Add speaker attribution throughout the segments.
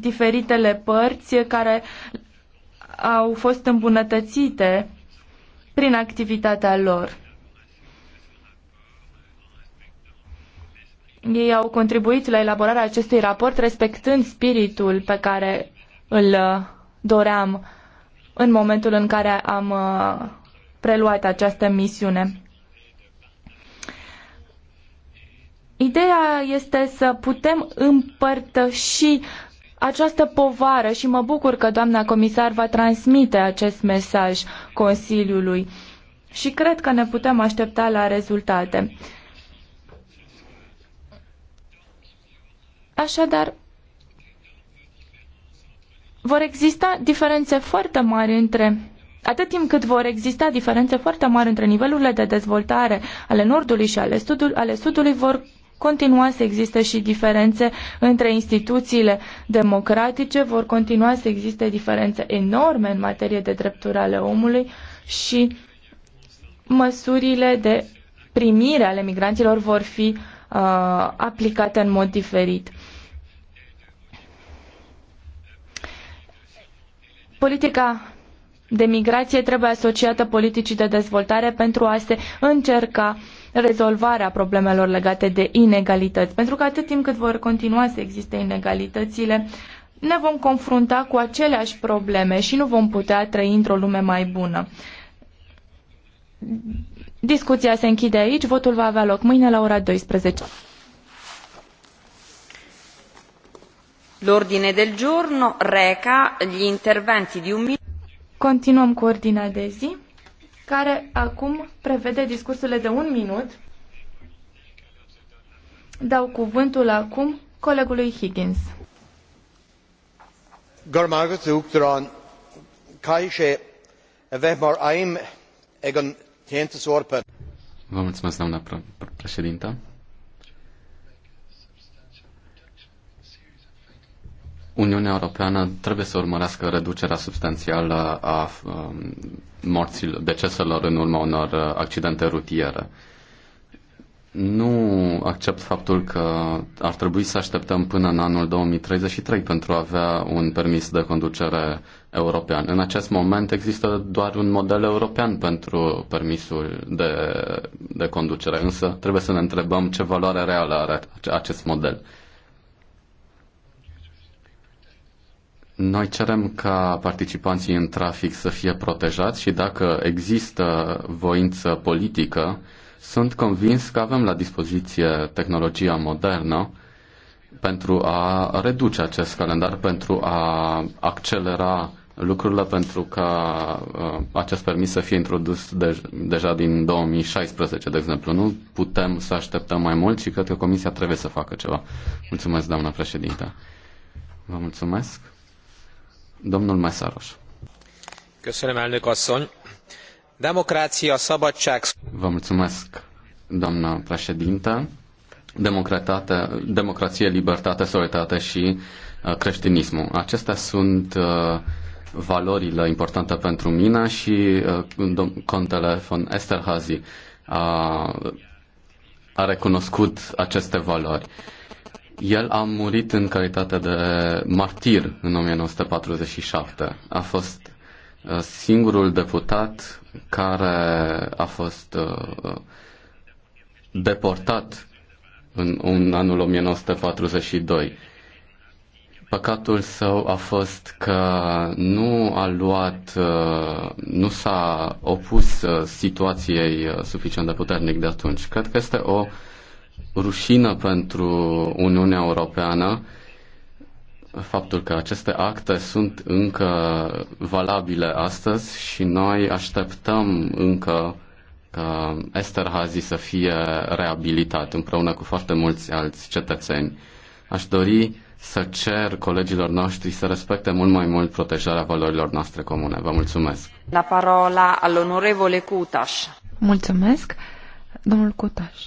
Speaker 1: diferitele părți care au fost îmbunătățite prin activitatea lor. Ei au contribuit la elaborarea acestui raport respectând spiritul pe care îl uh, doream în momentul în care am uh, preluat această misiune. Ideea este să putem împărtăși această povară și mă bucur că doamna comisar va transmite acest mesaj Consiliului și cred că ne putem aștepta la rezultate. Așadar, vor exista diferențe foarte mari între Atât timp cât vor exista diferențe foarte mari între nivelurile de dezvoltare ale Nordului și ale, sudului. ale Sudului, vor continua să existe și diferențe între instituțiile democratice, vor continua să existe diferențe enorme în materie de drepturi ale omului și măsurile de primire ale migranților vor fi uh, aplicate în mod diferit. Politica de migrație trebuie asociată politicii de dezvoltare pentru a se încerca uh, rezolvarea problemelor legate de inegalități, pentru că atât timp cât vor continua să existe inegalitățile, ne vom confrunta cu aceleași probleme și nu vom putea trăi într-o lume mai bună. Discuția se închide aici, votul va avea loc mâine la ora 12.
Speaker 2: L'ordine del giorno reca gli interventi di un minuto.
Speaker 1: Continuăm cu ordinea de zi care acum prevede discursurile de un minut. Dau cuvântul acum colegului Higgins.
Speaker 3: Gormargus uachtarán cai
Speaker 4: Vă mulțumesc, doamna președintă. Uniunea Europeană trebuie să urmărească reducerea substanțială a um, morților, deceselor în urma unor uh, accidente rutiere. Nu accept faptul că ar trebui să așteptăm până în anul 2033 pentru a avea un permis de conducere european. În acest moment există doar un model european pentru permisul de, de conducere, însă trebuie să ne întrebăm ce valoare reală are acest model. Noi cerem ca participanții în trafic să fie protejați și dacă există voință politică, sunt convins că avem la dispoziție tehnologia modernă pentru a reduce acest calendar, pentru a accelera lucrurile, pentru ca uh, acest permis să fie introdus de- deja din 2016, de exemplu. Nu putem să așteptăm mai mult și cred că Comisia trebuie să facă ceva. Mulțumesc, doamna președinte. Vă mulțumesc. Domnul Mesaros.
Speaker 3: Köszönöm, elnök asszony. szabadság...
Speaker 4: Vă mulțumesc, doamna președintă. Democrație, libertate, solidaritate și uh, creștinismul. Acestea sunt uh, valorile importante pentru mine și uh, contele von Esterhazy a, a recunoscut aceste valori. Uh, el a murit în calitate de martir în 1947. A fost uh, singurul deputat care a fost uh, deportat în, în anul 1942. Păcatul său a fost că nu a luat, uh, nu s-a opus situației suficient de puternic de atunci. Cred că este o rușină pentru Uniunea Europeană faptul că aceste acte sunt încă valabile astăzi și noi așteptăm încă ca Esterhazy să fie reabilitat împreună cu foarte mulți alți cetățeni. Aș dori să cer colegilor noștri să respecte mult mai mult protejarea valorilor noastre comune. Vă mulțumesc.
Speaker 2: La parola al onorevole
Speaker 5: Cutaș. Mulțumesc, domnul Cutaș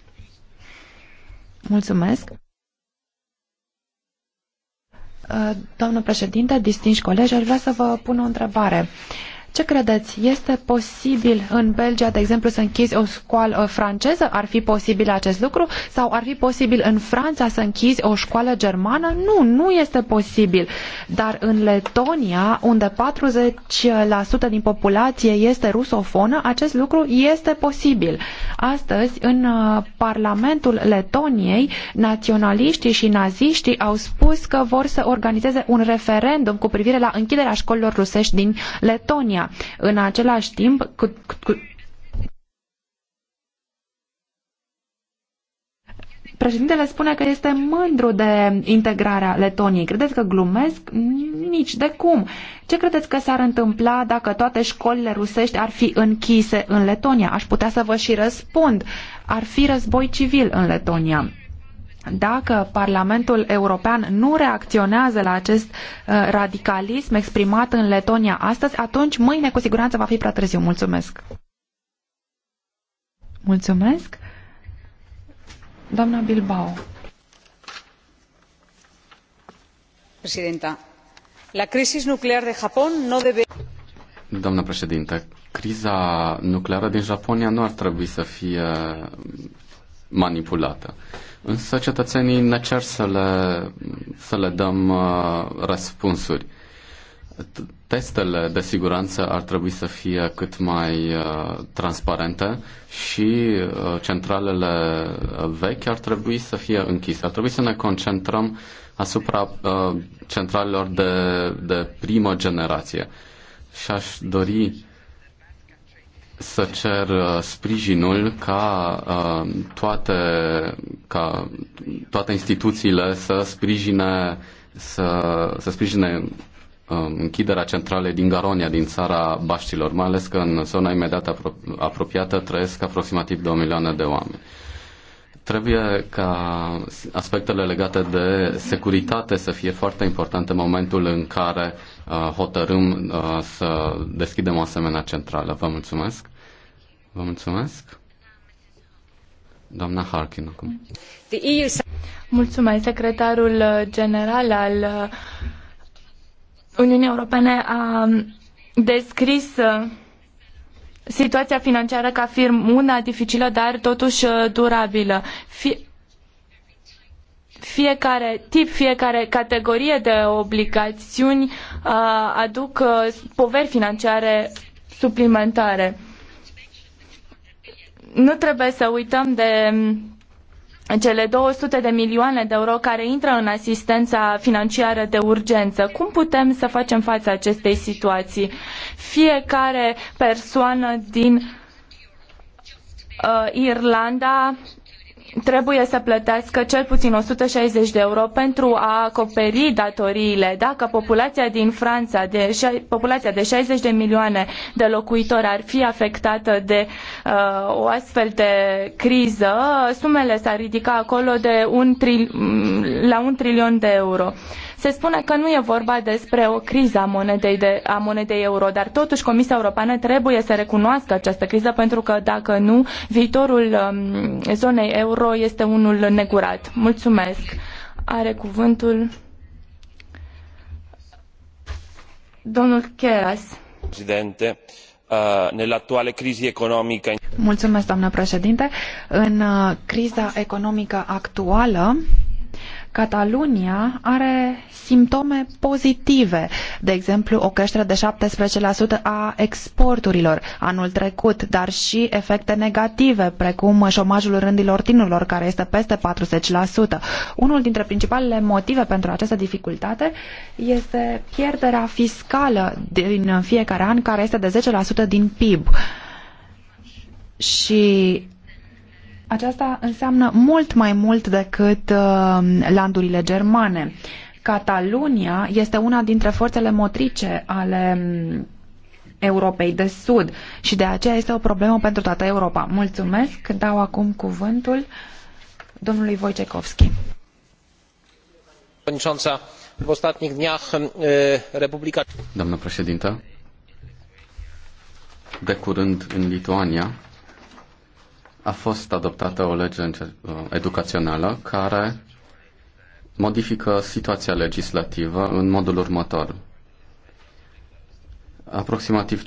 Speaker 5: Mulțumesc. Uh, doamnă președinte, distinși colegi, aș vrea să vă pun o întrebare. Ce credeți? Este posibil în Belgia, de exemplu, să închizi o școală uh, franceză? Ar fi posibil acest lucru? Sau ar fi posibil în Franța să închizi o școală germană? Nu, nu este posibil. Dar în Letonia, unde 40% din populație este rusofonă, acest lucru este posibil. Astăzi, în uh, Parlamentul Letoniei, naționaliștii și naziștii au spus că vor să organizeze un referendum cu privire la închiderea școlilor rusești din Letonia. România. În același timp, cu, cu, Președintele spune că este mândru de integrarea Letoniei. Credeți că glumesc? Nici de cum. Ce credeți că s-ar întâmpla dacă toate școlile rusești ar fi închise în Letonia? Aș putea să vă și răspund. Ar fi război civil în Letonia dacă Parlamentul European nu reacționează la acest uh, radicalism exprimat în Letonia astăzi, atunci mâine cu siguranță va fi prea târziu. Mulțumesc!
Speaker 1: Mulțumesc!
Speaker 5: Doamna Bilbao.
Speaker 2: Presidenta, la crisis nuclear de Japón nu debe...
Speaker 4: Doamna președintă, criza nucleară din Japonia nu ar trebui să fie manipulată. Uh, Însă cetățenii ne cer să le, să le dăm uh, răspunsuri. Testele de siguranță ar trebui să fie cât mai uh, transparente și uh, centralele uh, vechi ar trebui să fie închise. Ar trebui să ne concentrăm asupra uh, centralelor de, de primă generație. Și aș dori să cer uh, sprijinul ca uh, toate, ca toate instituțiile să sprijine, să, să sprijine um, închiderea centralei din Garonia, din țara Baștilor, mai ales că în zona imediat apro- apropiată trăiesc aproximativ 2 milioane de oameni. Trebuie ca aspectele legate de securitate să fie foarte importante în momentul în care uh, hotărâm să deschidem o asemenea centrală. Vă mulțumesc. Vă mulțumesc. Doamna Harkin acum.
Speaker 1: Mulțumesc. Secretarul general al uh, Uniunii Europene a um, descris uh, situația financiară ca firm una dificilă, dar totuși uh, durabilă. Fie fiecare tip, fiecare categorie de obligațiuni aduc poveri financiare suplimentare nu trebuie să uităm de mm, cele 200 de milioane de euro care intră în asistența financiară de urgență. Cum putem să facem față acestei situații? Fiecare persoană din uh, Irlanda trebuie să plătească cel puțin 160 de euro pentru a acoperi datoriile. Dacă populația din Franța, de, populația de 60 de milioane de locuitori ar fi afectată de uh, o astfel de criză, sumele s-ar ridica acolo de un tri, la un trilion de euro. Uh, se spune că nu e vorba despre o criză a monedei, de, a monedei euro, dar totuși Comisia Europeană trebuie să recunoască această criză pentru că dacă nu, viitorul um, zonei euro este unul negurat. Mulțumesc. Are cuvântul domnul Cheras.
Speaker 6: Uh, în nell'attuale criză economică.
Speaker 5: Mulțumesc, doamnă președinte. În uh, criza economică actuală, Catalunia are simptome pozitive, de exemplu o creștere de 17% a exporturilor anul trecut, dar și efecte negative, precum șomajul rândilor tinerilor, care este peste 40%. Unul dintre principalele motive pentru această dificultate este pierderea fiscală din fiecare an, care este de 10% din PIB. Și aceasta înseamnă mult mai mult decât uh, landurile germane. Catalunia este una dintre forțele motrice ale mm, Europei de Sud și de aceea este o problemă pentru toată Europa. Mulțumesc, dau acum cuvântul domnului Wojciechowski.
Speaker 4: Doamnă președintă, de curând în Lituania, a fost adoptată o lege uh, educațională care modifică situația legislativă în modul următor. Aproximativ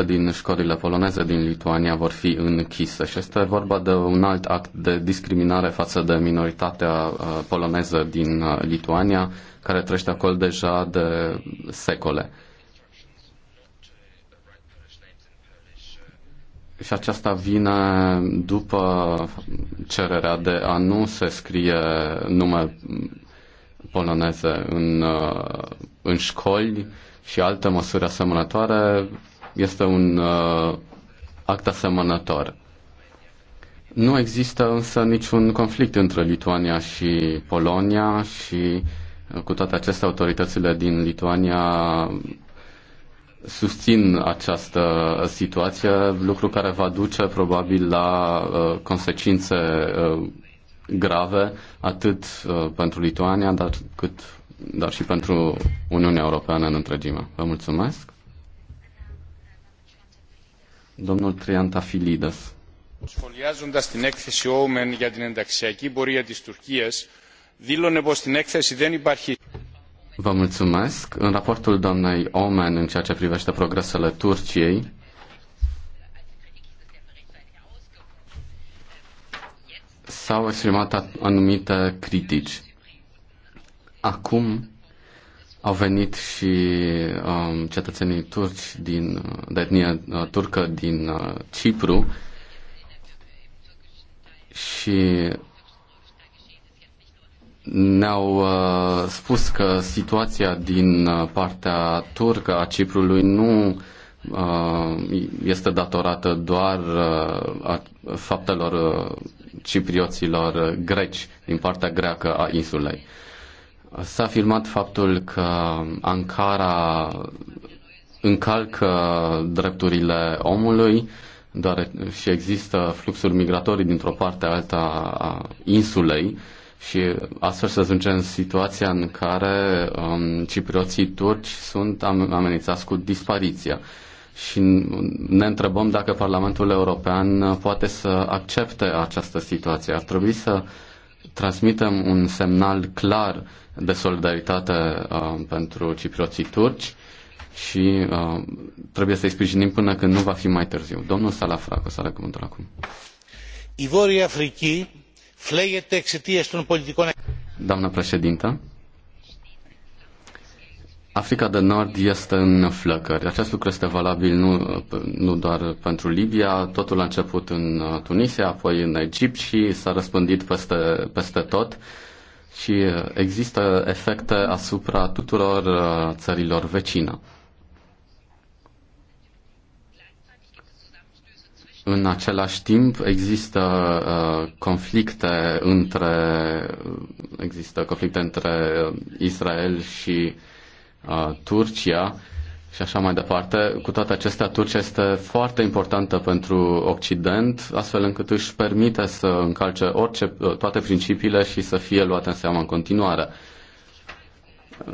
Speaker 4: 50% din școlile poloneze din Lituania vor fi închise și este vorba de un alt act de discriminare față de minoritatea uh, poloneză din uh, Lituania, care trăiește acolo deja de secole. și aceasta vine după cererea de a nu se scrie nume poloneze în, uh, în școli și alte măsuri asemănătoare. Este un uh, act asemănător. Nu există însă niciun conflict între Lituania și Polonia și uh, cu toate acestea autoritățile din Lituania susțin această situație, lucru care va duce probabil la uh, consecințe uh, grave, atât uh, pentru Lituania, dar, cât, dar și pentru Uniunea Europeană în întregime. Vă mulțumesc. Domnul Triantafilides.
Speaker 6: Σχολιάζοντας την έκθεση Omen για την ενταξιακή πορεία της Τουρκίας, δήλωνε πως στην έκθεση δεν υπάρχει
Speaker 4: Vă mulțumesc. În raportul doamnei Omen în ceea ce privește progresele Turciei, s-au exprimat anumite critici. Acum au venit și um, cetățenii turci din, de etnie uh, turcă din uh, Cipru și ne-au uh, spus că situația din uh, partea turcă a Ciprului nu uh, este datorată doar uh, a faptelor uh, ciprioților greci din partea greacă a insulei. S-a afirmat faptul că Ankara încalcă drepturile omului doar și există fluxuri migratorii dintr-o parte alta a insulei și astfel să ajungem în situația în care um, ciprioții turci sunt amenințați cu dispariția. Și ne întrebăm dacă Parlamentul European poate să accepte această situație. Ar trebui să transmitem un semnal clar de solidaritate uh, pentru ciprioții turci și uh, trebuie să-i sprijinim până când nu va fi mai târziu. Domnul Salafrac, o să are cuvântul acum.
Speaker 6: Ivorii Africii φλέγεται εξαιτία των πολιτικών.
Speaker 4: Doamnă președintă, Africa de Nord este în flăcări. Acest lucru este valabil nu, nu doar pentru Libia, totul a început în uh, Tunisia, apoi în Egipt și s-a răspândit peste, peste tot și uh, există efecte asupra tuturor uh, țărilor vecine. În același timp există uh, conflicte între există conflicte între Israel și uh, Turcia și așa mai departe. Cu toate acestea, Turcia este foarte importantă pentru Occident, astfel încât își permite să încalce orice, uh, toate principiile și să fie luate în seamă în continuare.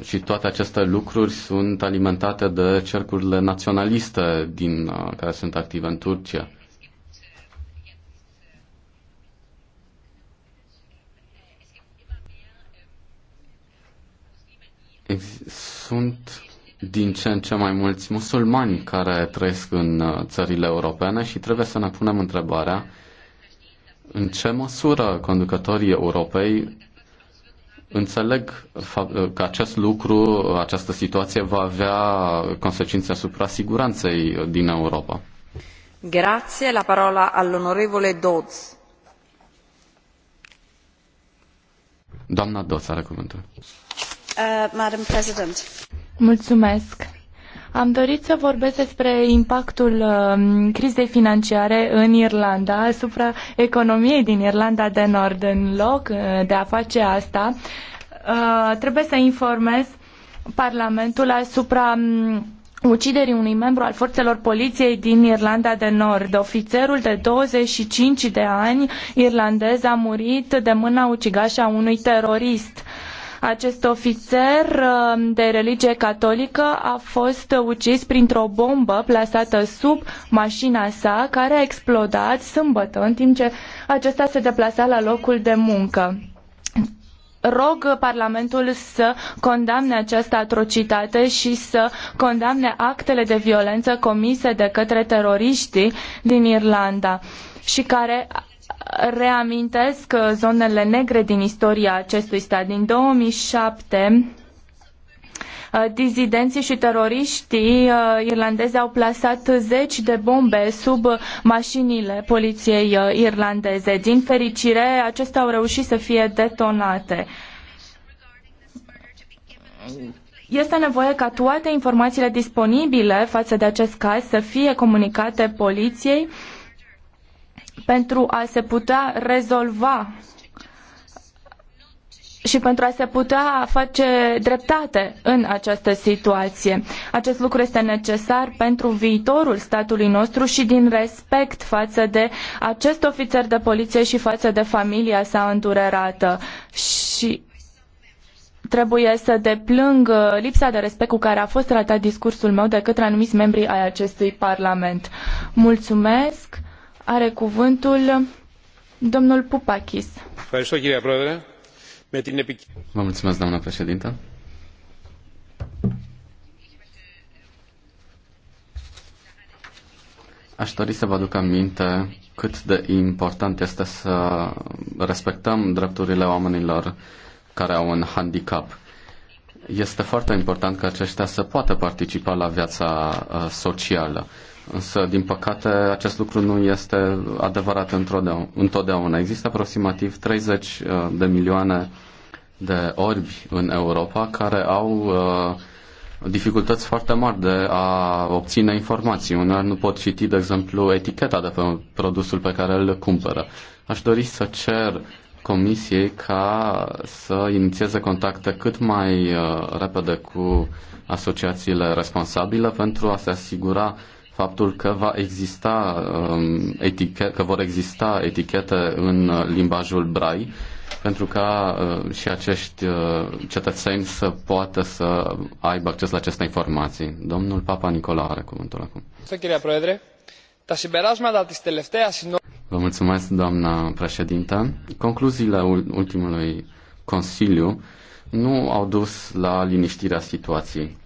Speaker 4: Și toate aceste lucruri sunt alimentate de cercurile naționaliste din, uh, care sunt active în Turcia. sunt din ce în ce mai mulți musulmani care trăiesc în uh, țările europene și trebuie să ne punem întrebarea în ce măsură conducătorii europei înțeleg uh, că acest lucru, uh, această situație va avea consecințe asupra siguranței din Europa.
Speaker 2: Grazie, la parola all'onorevole Dodds.
Speaker 4: Doamna Dodds are cuvântul.
Speaker 1: Uh, Mulțumesc. Am dorit să vorbesc despre impactul um, crizei financiare în Irlanda asupra economiei din Irlanda de Nord. În loc uh, de a face asta, uh, trebuie să informez Parlamentul asupra um, uciderii unui membru al forțelor poliției din Irlanda de Nord. Ofițerul de 25 de ani irlandez a murit de mâna ucigașa unui terorist acest ofițer um, de religie catolică a fost ucis printr-o bombă plasată sub mașina sa, care a explodat sâmbătă, în timp ce acesta se deplasa la locul de muncă rog Parlamentul să condamne această atrocitate și să condamne actele de violență comise de către teroriștii din Irlanda și care reamintesc zonele negre din istoria acestui stat. Din 2007, uh, dizidenții și teroriștii uh, irlandezi au plasat zeci de bombe sub mașinile poliției uh, irlandeze. Din fericire, acestea au reușit să fie detonate. Este nevoie ca toate informațiile disponibile față de acest caz să fie comunicate poliției uh, pentru a se putea rezolva și pentru a se putea face dreptate în această situație. Acest lucru este necesar pentru viitorul statului nostru și din respect față de acest ofițer de poliție și față de familia sa îndurerată. Și trebuie să deplâng lipsa de respect cu care a fost tratat discursul meu de către anumiți membri ai acestui parlament. Mulțumesc! are cuvântul domnul Pupakis.
Speaker 4: Vă mulțumesc, doamna președintă. Aș dori să vă aduc aminte cât de important este să respectăm drepturile oamenilor care au un handicap. Este foarte important ca aceștia să poată participa la viața uh, socială. Însă, din păcate, acest lucru nu este adevărat întotdeauna. Există aproximativ 30 uh, de milioane de orbi în Europa care au uh, dificultăți foarte mari de a obține informații. Uneori nu pot citi, de exemplu, eticheta de pe produsul pe care îl cumpără. Aș dori să cer Comisiei ca să inițieze contacte cât mai uh, repede cu asociațiile responsabile pentru a se asigura uh, faptul că va exista um, etichet, că vor exista etichete în limbajul brai pentru ca uh, și acești uh, cetățeni să poată să aibă acces la aceste informații. Domnul Papa Nicola are cuvântul acum. Vă mulțumesc, doamna președintă. Concluziile ultimului Consiliu nu au dus la liniștirea situației.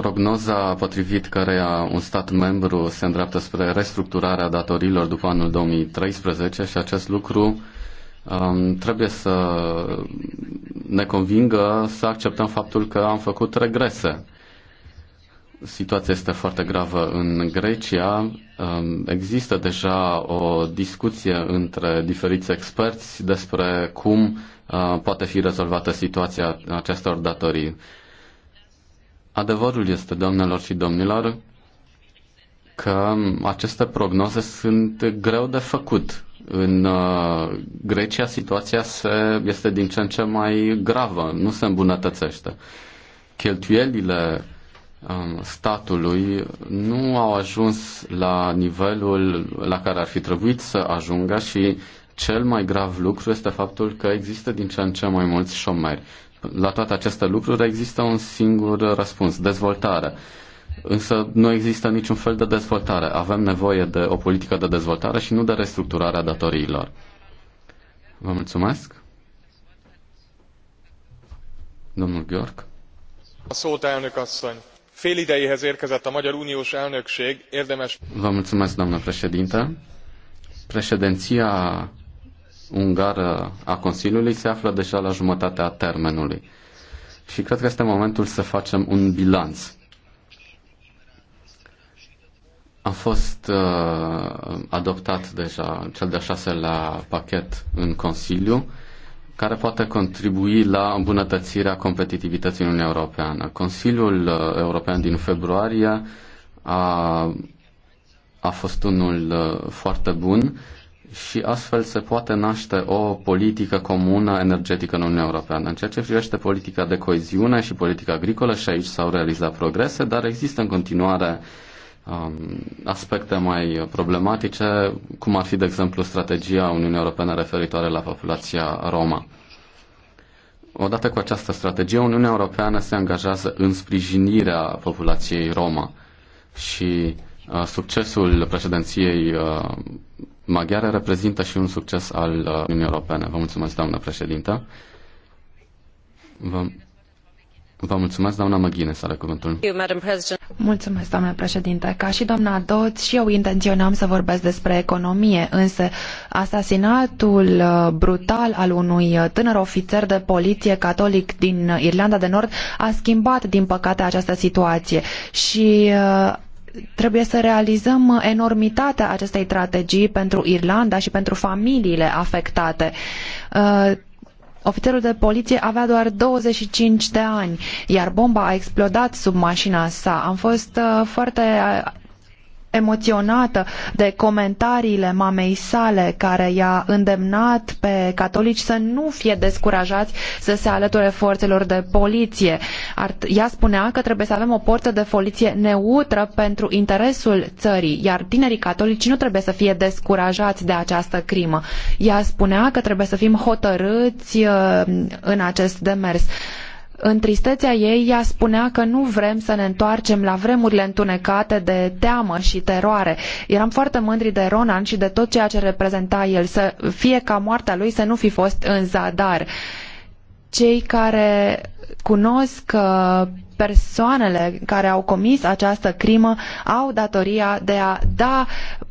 Speaker 4: Prognoza potrivit căreia un stat membru se îndreaptă spre restructurarea datorilor după anul 2013 și acest lucru um, trebuie să ne convingă să acceptăm faptul că am făcut regrese. Situația este foarte gravă în Grecia. Um, există deja o discuție între diferiți experți despre cum uh, poate fi rezolvată situația acestor datorii Adevărul este, doamnelor și domnilor, că aceste prognoze sunt greu de făcut. În uh, Grecia situația se, este din ce în ce mai gravă, nu se îmbunătățește. Cheltuielile um, statului nu au ajuns la nivelul la care ar fi trebuit să ajungă și cel mai grav lucru este faptul că există din ce în ce mai mulți șomeri. La toate aceste lucruri există un singur răspuns, dezvoltare. Însă nu există niciun fel de dezvoltare. Avem nevoie de o politică de dezvoltare și nu de restructurarea datoriilor. Vă mulțumesc. Domnul Gheorg.
Speaker 7: A szót, elnök asszony. Fél idejéhez érkezett a Magyar Uniós elnökség, érdemes...
Speaker 4: Vă mulțumesc, doamnă președinte. Președinția ungară a Consiliului se află deja la jumătatea termenului. Și cred că este momentul să facem un bilanț. A fost uh, adoptat deja cel de-a șaselea pachet în Consiliu, care poate contribui la îmbunătățirea competitivității Uniunii Europeană. Consiliul uh, European din februarie a, a fost unul uh, foarte bun și astfel se poate naște o politică comună energetică în Uniunea Europeană. În ceea ce privește politica de coeziune și politica agricolă, și aici s-au realizat progrese, dar există în continuare um, aspecte mai problematice, cum ar fi, de exemplu, strategia Uniunii Europene referitoare la populația Roma. Odată cu această strategie, Uniunea Europeană se angajează în sprijinirea populației Roma și uh, succesul președinției uh, maghiară reprezintă și un succes al uh, Uniunii Europene. Vă mulțumesc, doamnă președintă. Vă, vă mulțumesc, doamna Măghine, să are cuvântul.
Speaker 5: Mulțumesc, doamna președinte. Ca și doamna Dot, și eu intenționam să vorbesc despre economie, însă asasinatul uh, brutal al unui uh, tânăr ofițer de poliție catolic din Irlanda de Nord a schimbat, din păcate, această situație. Și trebuie să realizăm enormitatea acestei strategii pentru Irlanda și pentru familiile afectate. Uh, ofițerul de poliție avea doar 25 de ani, iar bomba a explodat sub mașina sa. Am fost uh, foarte emoționată de comentariile mamei sale care i-a îndemnat pe catolici să nu fie descurajați să se alăture forțelor de poliție. Ea spunea că trebuie să avem o portă de poliție neutră pentru interesul țării, iar tinerii catolici nu trebuie să fie descurajați de această crimă. Ea spunea că trebuie să fim hotărâți uh, în acest demers. În tristețea ei, ea spunea că nu vrem să ne întoarcem la vremurile întunecate de teamă și teroare. Eram foarte mândri de Ronan și de tot ceea ce reprezenta el, să fie ca moartea lui să nu fi fost în zadar. Cei care cunosc uh, persoanele care au comis această crimă au datoria de a da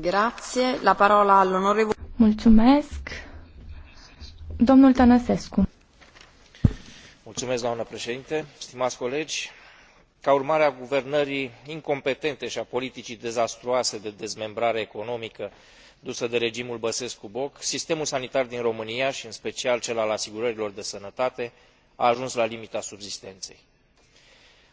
Speaker 2: Mulțumesc. Mulțumesc, doamnă președinte,
Speaker 7: colegi. Ca urmare a guvernării incompetente și a politicii dezastruoase de dezmembrare economică dusă de regimul băsescu boc sistemul sanitar din românia i în special cel al asigurărilor de sănătate a ajuns la limita subzistenei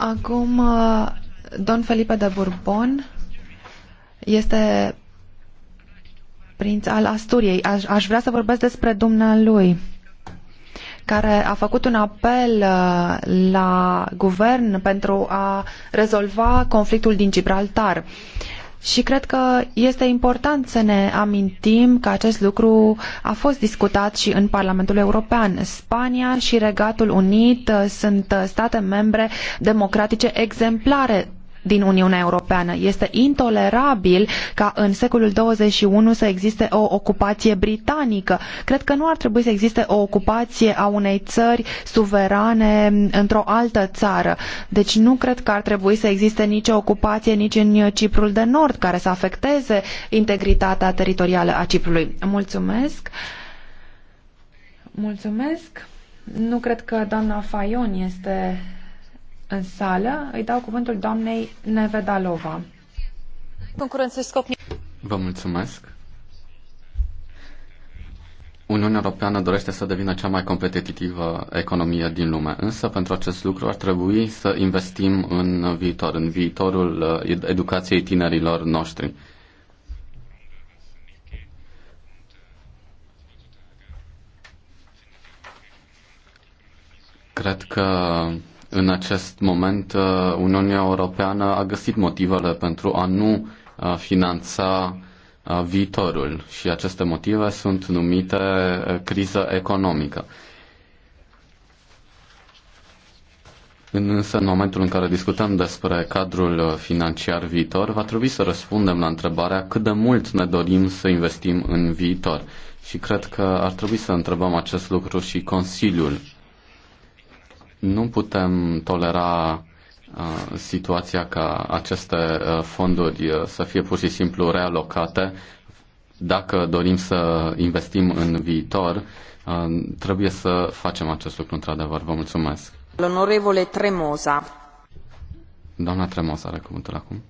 Speaker 1: Acum, uh,
Speaker 5: Don Felipe de Bourbon este prinț al Asturiei. Aș, aș vrea să vorbesc despre dumnealui care a făcut un apel uh, la guvern pentru a rezolva conflictul din Gibraltar. Uh, și cred că este important să ne amintim că acest lucru a fost discutat și în Parlamentul European. Spania și Regatul Unit uh, sunt uh, state membre democratice exemplare din Uniunea Europeană. Este intolerabil ca în secolul 21 să existe o ocupație britanică. Cred că nu ar trebui să existe o ocupație a unei țări suverane într-o altă țară. Deci nu cred că ar trebui să existe nicio ocupație nici în Ciprul de Nord care să afecteze integritatea teritorială a Ciprului. Mulțumesc. Mulțumesc. Nu cred că doamna Fayon este în sală. Îi dau cuvântul doamnei Nevedalova.
Speaker 4: Vă mulțumesc. Uniunea Europeană dorește să devină cea mai competitivă economie din lume, însă pentru acest lucru ar trebui să investim în viitor, în viitorul uh, educației tinerilor noștri. Cred că în acest moment, uh, Uniunea Europeană a găsit motivele pentru a nu uh, finanța uh, viitorul și aceste motive sunt numite criză economică. Însă, în momentul în care discutăm despre cadrul financiar viitor, va trebui să răspundem la întrebarea cât de mult ne dorim să investim în viitor. Și cred că ar trebui să întrebăm acest lucru și Consiliul nu putem tolera uh, situația ca aceste uh, fonduri uh, să fie pur și simplu realocate. Dacă dorim să investim în viitor, trebuie să facem acest lucru într-adevăr. Vă mulțumesc.
Speaker 2: L'onorevole Tremosa.
Speaker 4: Doamna Tremosa are cuvântul acum.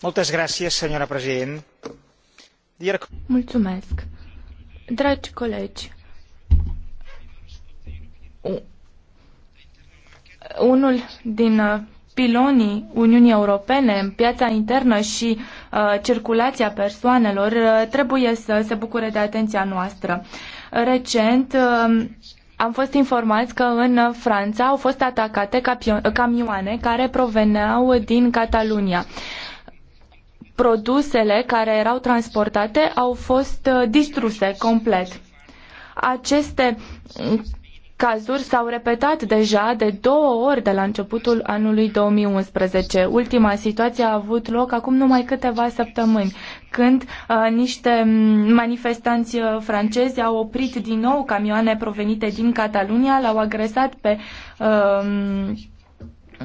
Speaker 2: Multes gracias, señora president.
Speaker 1: Mulțumesc. Dragi colegi, unul din uh, pilonii Uniunii Europene, piața internă și uh, circulația persoanelor uh, trebuie să se bucure de atenția noastră. Recent uh, am fost informați că în Franța au fost atacate camioane care proveneau din Catalunia. Produsele care erau transportate au fost uh, distruse complet. Aceste cazuri s-au repetat deja de două ori de la începutul anului 2011. Ultima situație a avut loc acum numai câteva săptămâni, când uh, niște mm, manifestanți uh, francezi au oprit din nou camioane provenite din Catalunia, l-au agresat pe uh,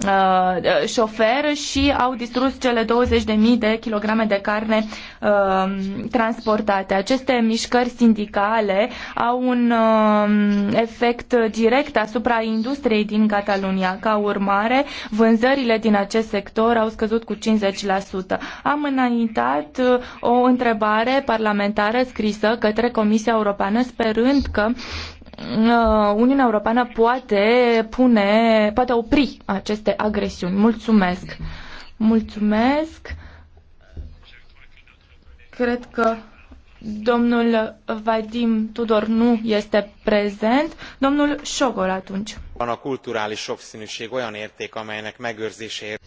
Speaker 1: uh, șofer și au distrus cele 20.000 de kilograme de carne uh, transportate. Aceste mișcări sindicale au un uh, efect direct asupra industriei din Catalunia. Ca urmare, vânzările din acest sector au scăzut cu 50%. Am înaintat uh, o întrebare parlamentară scrisă către Comisia Europeană sperând că uh, Uh, Uniunea Europeană poate pune, poate opri aceste agresiuni. Mulțumesc! Mulțumesc! Cred că domnul Vadim Tudor nu este prezent. Domnul Șogol atunci.
Speaker 3: A culturális sokszínűség olyan érték, amelynek megőrzéséért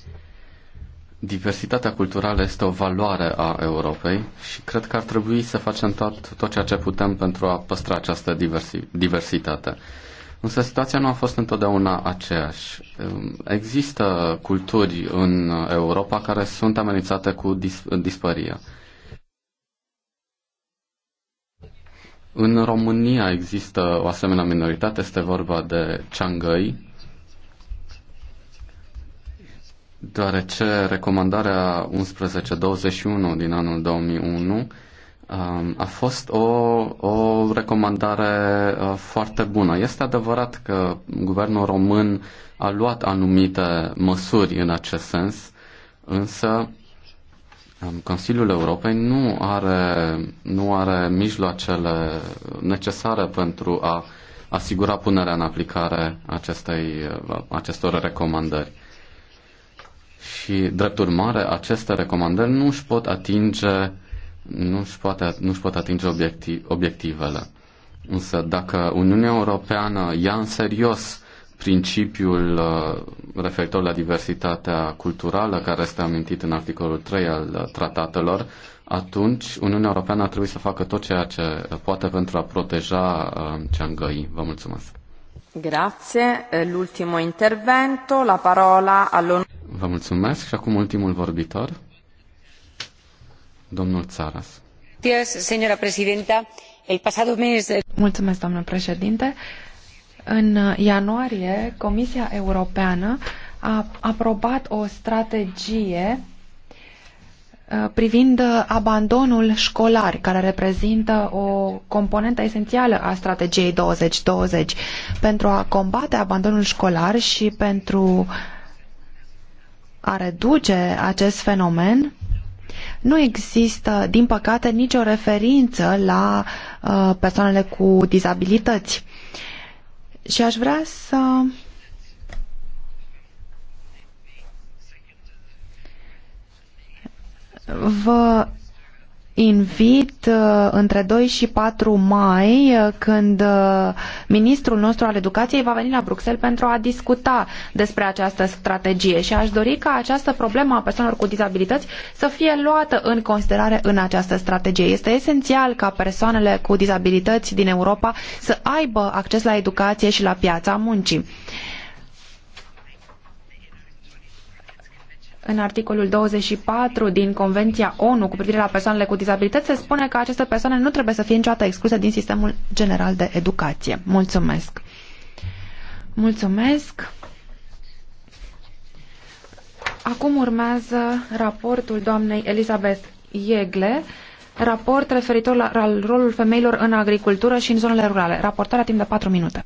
Speaker 4: Diversitatea culturală este o valoare a Europei și cred că ar trebui să facem tot, tot ceea ce putem pentru a păstra această diversi, diversitate. Însă situația nu a fost întotdeauna aceeași. Există culturi în Europa care sunt amenințate cu dis- dispăria. În România există o asemenea minoritate, este vorba de ceangăi, deoarece recomandarea 1121 din anul 2001 um, a fost o, o recomandare uh, foarte bună. Este adevărat că guvernul român a luat anumite măsuri în acest sens, însă um, Consiliul Europei nu are, nu are mijloacele necesare pentru a asigura punerea în aplicare acestei, uh, acestor recomandări. Și, drept urmare, aceste recomandări nu își pot atinge, nu își poate, nu își pot atinge obiecti, obiectivele. Însă, dacă Uniunea Europeană ia în serios principiul uh, referitor la diversitatea culturală care este amintit în articolul 3 al uh, tratatelor, atunci Uniunea Europeană ar trebui să facă tot ceea ce poate pentru a proteja uh, găi. Vă mulțumesc.
Speaker 2: Grazie. L'ultimo intervento, la parola all'on
Speaker 4: Vă mulțumesc și acum ultimul vorbitor, domnul Țaras.
Speaker 5: Mulțumesc, doamnă președinte. În ianuarie, Comisia Europeană a aprobat o strategie uh, privind abandonul școlar, care reprezintă o componentă esențială a strategiei 2020 pentru a combate abandonul școlar și pentru a reduce acest fenomen, nu există, din păcate, nicio referință la uh, persoanele cu dizabilități. Și aș vrea să vă invit uh, între 2 și 4 mai, uh, când uh, ministrul nostru al educației va veni la Bruxelles pentru a discuta despre această strategie și aș dori ca această problemă a persoanelor cu dizabilități să fie luată în considerare în această strategie. Este esențial ca persoanele cu dizabilități din Europa să aibă acces la educație și la piața muncii. în articolul 24 din Convenția ONU cu privire la persoanele cu dizabilități se spune că aceste persoane nu trebuie să fie niciodată excluse din sistemul general de educație. Mulțumesc! Mulțumesc! Acum urmează raportul doamnei Elisabeth Iegle, raport referitor la rolul femeilor în agricultură și în zonele rurale. Raportarea timp de 4 minute.